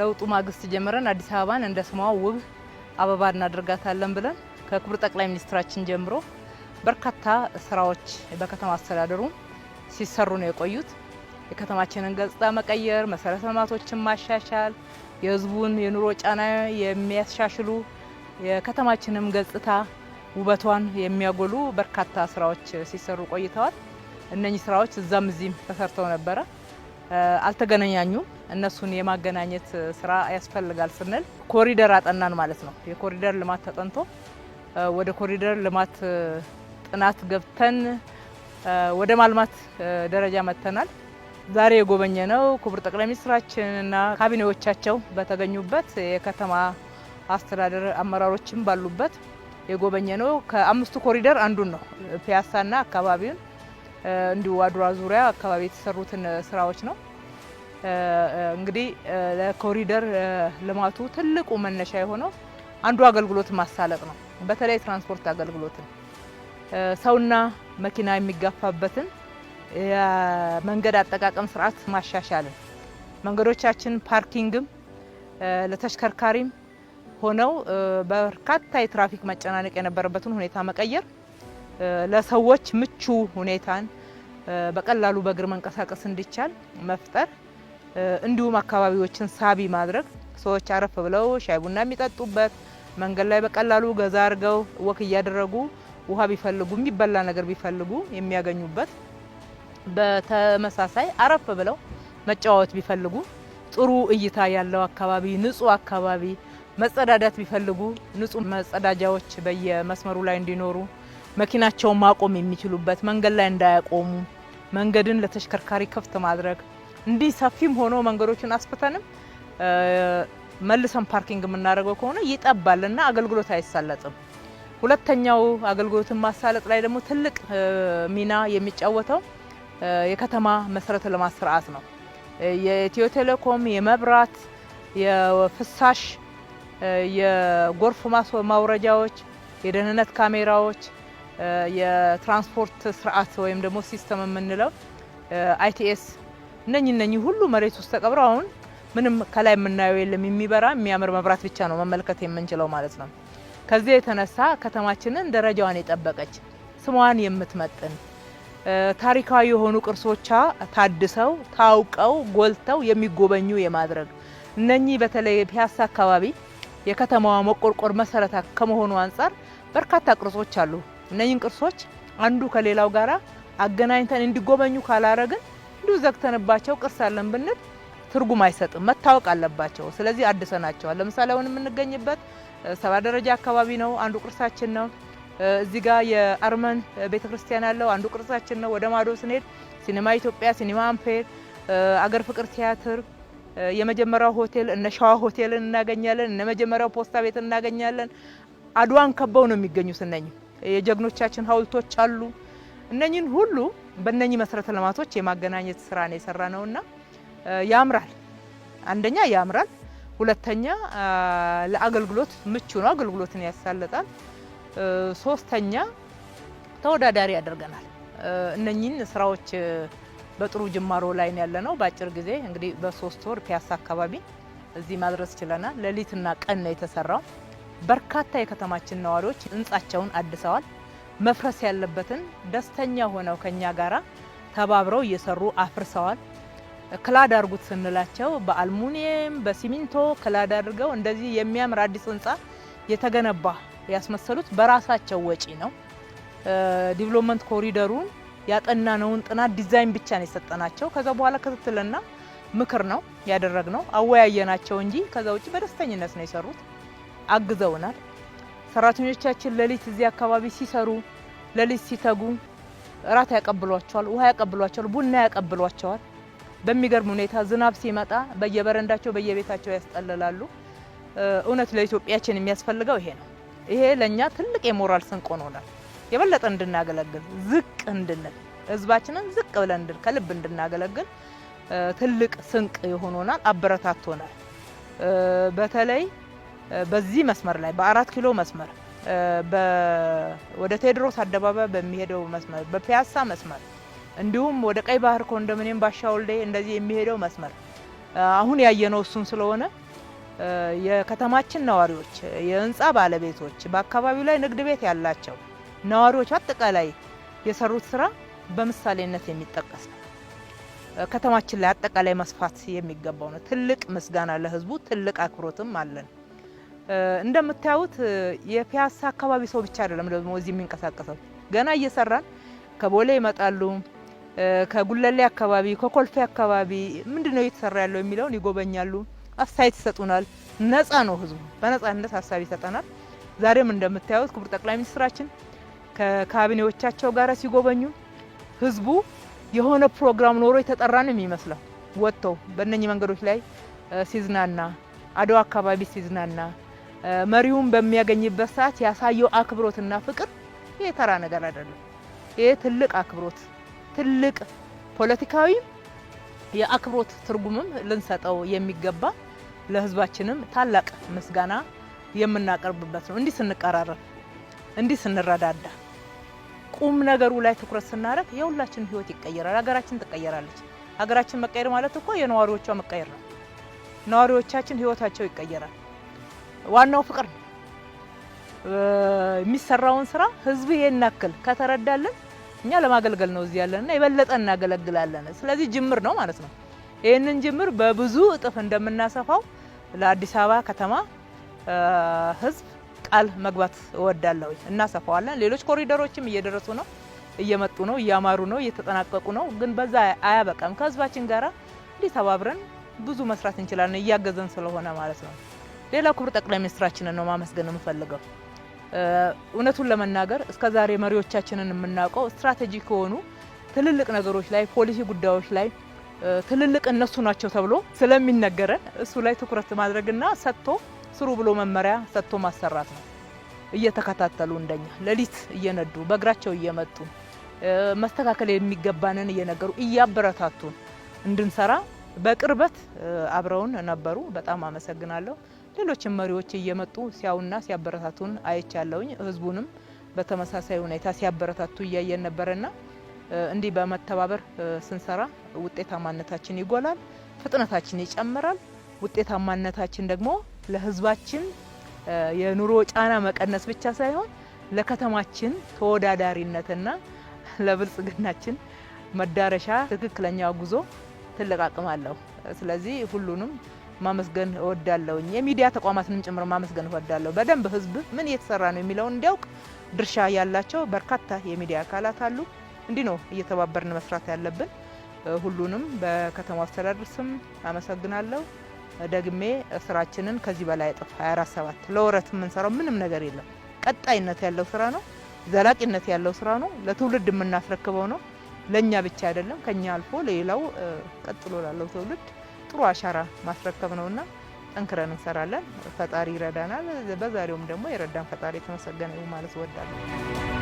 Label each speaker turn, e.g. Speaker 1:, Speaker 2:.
Speaker 1: ለውጡ ማግስት ጀምረን አዲስ አበባን እንደ ስሟ ውብ አበባ እናደርጋታለን ብለን ከክቡር ጠቅላይ ሚኒስትራችን ጀምሮ በርካታ ስራዎች በከተማ አስተዳደሩ ሲሰሩ ነው የቆዩት። የከተማችንን ገጽታ መቀየር፣ መሰረተ ልማቶችን ማሻሻል፣ የህዝቡን የኑሮ ጫና የሚያሻሽሉ የከተማችንም ገጽታ ውበቷን የሚያጎሉ በርካታ ስራዎች ሲሰሩ ቆይተዋል። እነኚህ ስራዎች እዛም እዚህም ተሰርተው ነበረ። አልተገናኛኙም። እነሱን የማገናኘት ስራ ያስፈልጋል ስንል ኮሪደር አጠናን ማለት ነው። የኮሪደር ልማት ተጠንቶ ወደ ኮሪደር ልማት ጥናት ገብተን ወደ ማልማት ደረጃ መጥተናል። ዛሬ የጎበኘ ነው ክቡር ጠቅላይ ሚኒስትራችንና ካቢኔዎቻቸው በተገኙበት የከተማ አስተዳደር አመራሮችም ባሉበት የጎበኘ ነው። ከአምስቱ ኮሪደር አንዱን ነው ፒያሳና አካባቢውን እንዲሁ አድዋ ዙሪያ አካባቢ የተሰሩትን ስራዎች ነው። እንግዲህ ለኮሪደር ልማቱ ትልቁ መነሻ የሆነው አንዱ አገልግሎት ማሳለጥ ነው። በተለይ ትራንስፖርት አገልግሎትን ሰውና መኪና የሚጋፋበትን የመንገድ አጠቃቀም ስርዓት ማሻሻልን መንገዶቻችን ፓርኪንግም ለተሽከርካሪም ሆነው በርካታ የትራፊክ መጨናነቅ የነበረበትን ሁኔታ መቀየር ለሰዎች ምቹ ሁኔታን በቀላሉ በእግር መንቀሳቀስ እንዲቻል መፍጠር፣ እንዲሁም አካባቢዎችን ሳቢ ማድረግ ሰዎች አረፍ ብለው ሻይ ቡና የሚጠጡበት መንገድ ላይ በቀላሉ ገዛ አድርገው ወክ እያደረጉ ውሃ ቢፈልጉ የሚበላ ነገር ቢፈልጉ የሚያገኙበት፣ በተመሳሳይ አረፍ ብለው መጫወት ቢፈልጉ ጥሩ እይታ ያለው አካባቢ፣ ንጹህ አካባቢ፣ መጸዳዳት ቢፈልጉ ንጹህ መጸዳጃዎች በየመስመሩ ላይ እንዲኖሩ መኪናቸውን ማቆም የሚችሉበት መንገድ ላይ እንዳያቆሙ መንገድን ለተሽከርካሪ ክፍት ማድረግ እንዲህ ሰፊም ሆኖ መንገዶችን አስፍተንም መልሰን ፓርኪንግ የምናደርገው ከሆነ ይጠባል እና አገልግሎት አይሳለጥም። ሁለተኛው አገልግሎትን ማሳለጥ ላይ ደግሞ ትልቅ ሚና የሚጫወተው የከተማ መሰረተ ልማት ስርዓት ነው። የኢትዮ ቴሌኮም፣ የመብራት፣ የፍሳሽ፣ የጎርፍ ማውረጃዎች፣ የደህንነት ካሜራዎች የትራንስፖርት ስርዓት ወይም ደግሞ ሲስተም የምንለው አይቲኤስ እነኝ እነኚህ ሁሉ መሬት ውስጥ ተቀብረው አሁን ምንም ከላይ የምናየው የለም። የሚበራ የሚያምር መብራት ብቻ ነው መመልከት የምንችለው ማለት ነው። ከዚያ የተነሳ ከተማችንን ደረጃዋን የጠበቀች ስሟን የምትመጥን ታሪካዊ የሆኑ ቅርሶቿ ታድሰው ታውቀው ጎልተው የሚጎበኙ የማድረግ እነኚህ በተለይ ፒያሳ አካባቢ የከተማዋ መቆርቆር መሰረታ ከመሆኑ አንጻር በርካታ ቅርሶች አሉ። እነኝን ቅርሶች አንዱ ከሌላው ጋር አገናኝተን እንዲጎበኙ ካላረግን እንዲሁ ዘግተንባቸው ቅርስ አለን ብንል ትርጉም አይሰጥም። መታወቅ አለባቸው። ስለዚህ አድሰናቸዋል። ለምሳሌ አሁን የምንገኝበት ሰባ ደረጃ አካባቢ ነው፣ አንዱ ቅርሳችን ነው። እዚህ ጋር የአርመን ቤተክርስቲያን አለው አንዱ ቅርሳችን ነው። ወደ ማዶ ስንሄድ ሲኒማ ኢትዮጵያ፣ ሲኒማ አምፔር፣ አገር ፍቅር ቲያትር፣ የመጀመሪያው ሆቴል እነ ሸዋ ሆቴልን እናገኛለን። እነ መጀመሪያው ፖስታ ቤትን እናገኛለን። አድዋን ከበው ነው የሚገኙ ስነኝ የጀግኖቻችን ሀውልቶች አሉ። እነኝን ሁሉ በእነኚህ መሰረተ ልማቶች የማገናኘት ስራ ነው የሰራ ነውና ያምራል። አንደኛ ያምራል፣ ሁለተኛ ለአገልግሎት ምቹ ነው፣ አገልግሎትን ያሳለጣል። ሶስተኛ ተወዳዳሪ ያደርገናል። እነኚህን ስራዎች በጥሩ ጅማሮ ላይ ነው ያለነው። በአጭር ጊዜ እንግዲህ በሶስት ወር ፒያሳ አካባቢ እዚህ ማድረስ ችለናል። ሌሊትና ቀን ነው የተሰራው። በርካታ የከተማችን ነዋሪዎች ህንጻቸውን አድሰዋል። መፍረስ ያለበትን ደስተኛ ሆነው ከኛ ጋራ ተባብረው እየሰሩ አፍርሰዋል። ክላድ አርጉት ስንላቸው በአልሙኒየም በሲሚንቶ ክላድ አድርገው እንደዚህ የሚያምር አዲስ ህንጻ የተገነባ ያስመሰሉት በራሳቸው ወጪ ነው። ዲቨሎፕመንት ኮሪደሩን ያጠናነውን ጥናት ዲዛይን ብቻ ነው የሰጠናቸው። ከዛ በኋላ ክትትልና ምክር ነው ያደረግነው፣ አወያየናቸው እንጂ ከዛ ውጭ በደስተኝነት ነው የሰሩት። አግዘውናል። ሰራተኞቻችን ሌሊት እዚህ አካባቢ ሲሰሩ ሌሊት ሲተጉ እራት ያቀብሏቸዋል፣ ውሃ ያቀብሏቸዋል፣ ቡና ያቀብሏቸዋል። በሚገርም ሁኔታ ዝናብ ሲመጣ በየበረንዳቸው በየቤታቸው ያስጠልላሉ። እውነት ለኢትዮጵያችን የሚያስፈልገው ይሄ ነው። ይሄ ለእኛ ትልቅ የሞራል ስንቅ ሆኖናል። የበለጠ እንድናገለግል ዝቅ እንድንል ህዝባችንን ዝቅ ብለን እንድል ከልብ እንድናገለግል ትልቅ ስንቅ የሆኖናል፣ አበረታቶናል። በተለይ በዚህ መስመር ላይ በአራት ኪሎ መስመር ወደ ቴዎድሮስ አደባባይ በሚሄደው መስመር፣ በፒያሳ መስመር እንዲሁም ወደ ቀይ ባህር ኮንዶሚኒየም ባሻ ወልዴ እንደዚህ የሚሄደው መስመር አሁን ያየነው እሱን ስለሆነ የከተማችን ነዋሪዎች፣ የህንፃ ባለቤቶች፣ በአካባቢው ላይ ንግድ ቤት ያላቸው ነዋሪዎች አጠቃላይ የሰሩት ስራ በምሳሌነት የሚጠቀስ ነው። ከተማችን ላይ አጠቃላይ መስፋት የሚገባው ነው። ትልቅ ምስጋና ለህዝቡ፣ ትልቅ አክብሮትም አለን። እንደምታዩት የፒያሳ አካባቢ ሰው ብቻ አይደለም ደግሞ እዚህ የሚንቀሳቀሰው ገና እየሰራን ከቦሌ ይመጣሉ፣ ከጉለሌ አካባቢ፣ ከኮልፌ አካባቢ ምንድን ነው እየተሰራ ያለው የሚለውን ይጎበኛሉ፣ አስተያየት ይሰጡናል። ነጻ ነው ህዝቡ በነጻነት ሀሳብ ይሰጠናል። ዛሬም እንደምታዩት ክቡር ጠቅላይ ሚኒስትራችን ከካቢኔዎቻቸው ጋር ሲጎበኙ ህዝቡ የሆነ ፕሮግራም ኖሮ የተጠራን የሚመስለው ወጥተው በእነኚህ መንገዶች ላይ ሲዝናና አድዋ አካባቢ ሲዝናና መሪውን በሚያገኝበት ሰዓት ያሳየው አክብሮትና ፍቅር ይህ ተራ ነገር አይደለም። ይህ ትልቅ አክብሮት፣ ትልቅ ፖለቲካዊም የአክብሮት ትርጉምም ልንሰጠው የሚገባ ለህዝባችንም ታላቅ ምስጋና የምናቀርብበት ነው። እንዲህ ስንቀራረብ፣ እንዲህ ስንረዳዳ፣ ቁም ነገሩ ላይ ትኩረት ስናደርግ የሁላችን ህይወት ይቀየራል። ሀገራችን ትቀየራለች። ሀገራችን መቀየር ማለት እኮ የነዋሪዎቿ መቀየር ነው። ነዋሪዎቻችን ህይወታቸው ይቀየራል። ዋናው ፍቅር ነው። የሚሰራውን ስራ ህዝብ ይሄን ያክል ከተረዳልን እኛ ለማገልገል ነው እዚህ እና የበለጠ እናገለግላለን። ስለዚህ ጅምር ነው ማለት ነው። ይህንን ጅምር በብዙ እጥፍ እንደምናሰፋው ለአዲስ አበባ ከተማ ህዝብ ቃል መግባት እወዳለሁ። እናሰፋዋለን። ሌሎች ኮሪደሮችም እየደረሱ ነው፣ እየመጡ ነው፣ እያማሩ ነው፣ እየተጠናቀቁ ነው። ግን በዛ አያበቃም። ከህዝባችን ጋር እንዲህ ተባብረን ብዙ መስራት እንችላለን፣ እያገዘን ስለሆነ ማለት ነው። ሌላው ክቡር ጠቅላይ ሚኒስትራችንን ነው ማመስገን የምፈልገው። እውነቱን ለመናገር እስከ ዛሬ መሪዎቻችንን የምናውቀው ስትራቴጂክ የሆኑ ትልልቅ ነገሮች ላይ ፖሊሲ ጉዳዮች ላይ ትልልቅ እነሱ ናቸው ተብሎ ስለሚነገረን እሱ ላይ ትኩረት ማድረግና ሰጥቶ ስሩ ብሎ መመሪያ ሰጥቶ ማሰራት ነው። እየተከታተሉ እንደኛ ሌሊት እየነዱ በእግራቸው እየመጡ መስተካከል የሚገባንን እየነገሩ እያበረታቱን እንድንሰራ በቅርበት አብረውን ነበሩ። በጣም አመሰግናለሁ። ሌሎችም መሪዎች እየመጡ ሲያውና ሲያበረታቱን አይቻለውኝ። ህዝቡንም በተመሳሳይ ሁኔታ ሲያበረታቱ እያየን ነበረና እንዲህ በመተባበር ስንሰራ ውጤታማነታችን ይጎላል፣ ፍጥነታችን ይጨምራል። ውጤታማነታችን ደግሞ ለህዝባችን የኑሮ ጫና መቀነስ ብቻ ሳይሆን ለከተማችን ተወዳዳሪነትና ለብልጽግናችን መዳረሻ ትክክለኛ ጉዞ ትልቅ አቅም አለው። ስለዚህ ሁሉንም ማመስገን እወዳለሁ። የሚዲያ ተቋማትንም ጭምር ማመስገን እወዳለሁ። በደንብ ህዝብ ምን እየተሰራ ነው የሚለውን እንዲያውቅ ድርሻ ያላቸው በርካታ የሚዲያ አካላት አሉ። እንዲህ ነው እየተባበርን መስራት ያለብን። ሁሉንም በከተማ አስተዳደር ስም አመሰግናለሁ። ደግሜ ስራችንን ከዚህ በላይ እጥፍ 247 ለወረት የምንሰራው ምንም ነገር የለም። ቀጣይነት ያለው ስራ ነው። ዘላቂነት ያለው ስራ ነው። ለትውልድ የምናስረክበው ነው። ለእኛ ብቻ አይደለም፣ ከኛ አልፎ ሌላው ቀጥሎ ላለው ትውልድ ጥሩ አሻራ ማስረከብ ነውና ጠንክረን እንሰራለን። ፈጣሪ ይረዳናል። በዛሬውም ደግሞ የረዳን ፈጣሪ የተመሰገነ ማለት እወዳለሁ።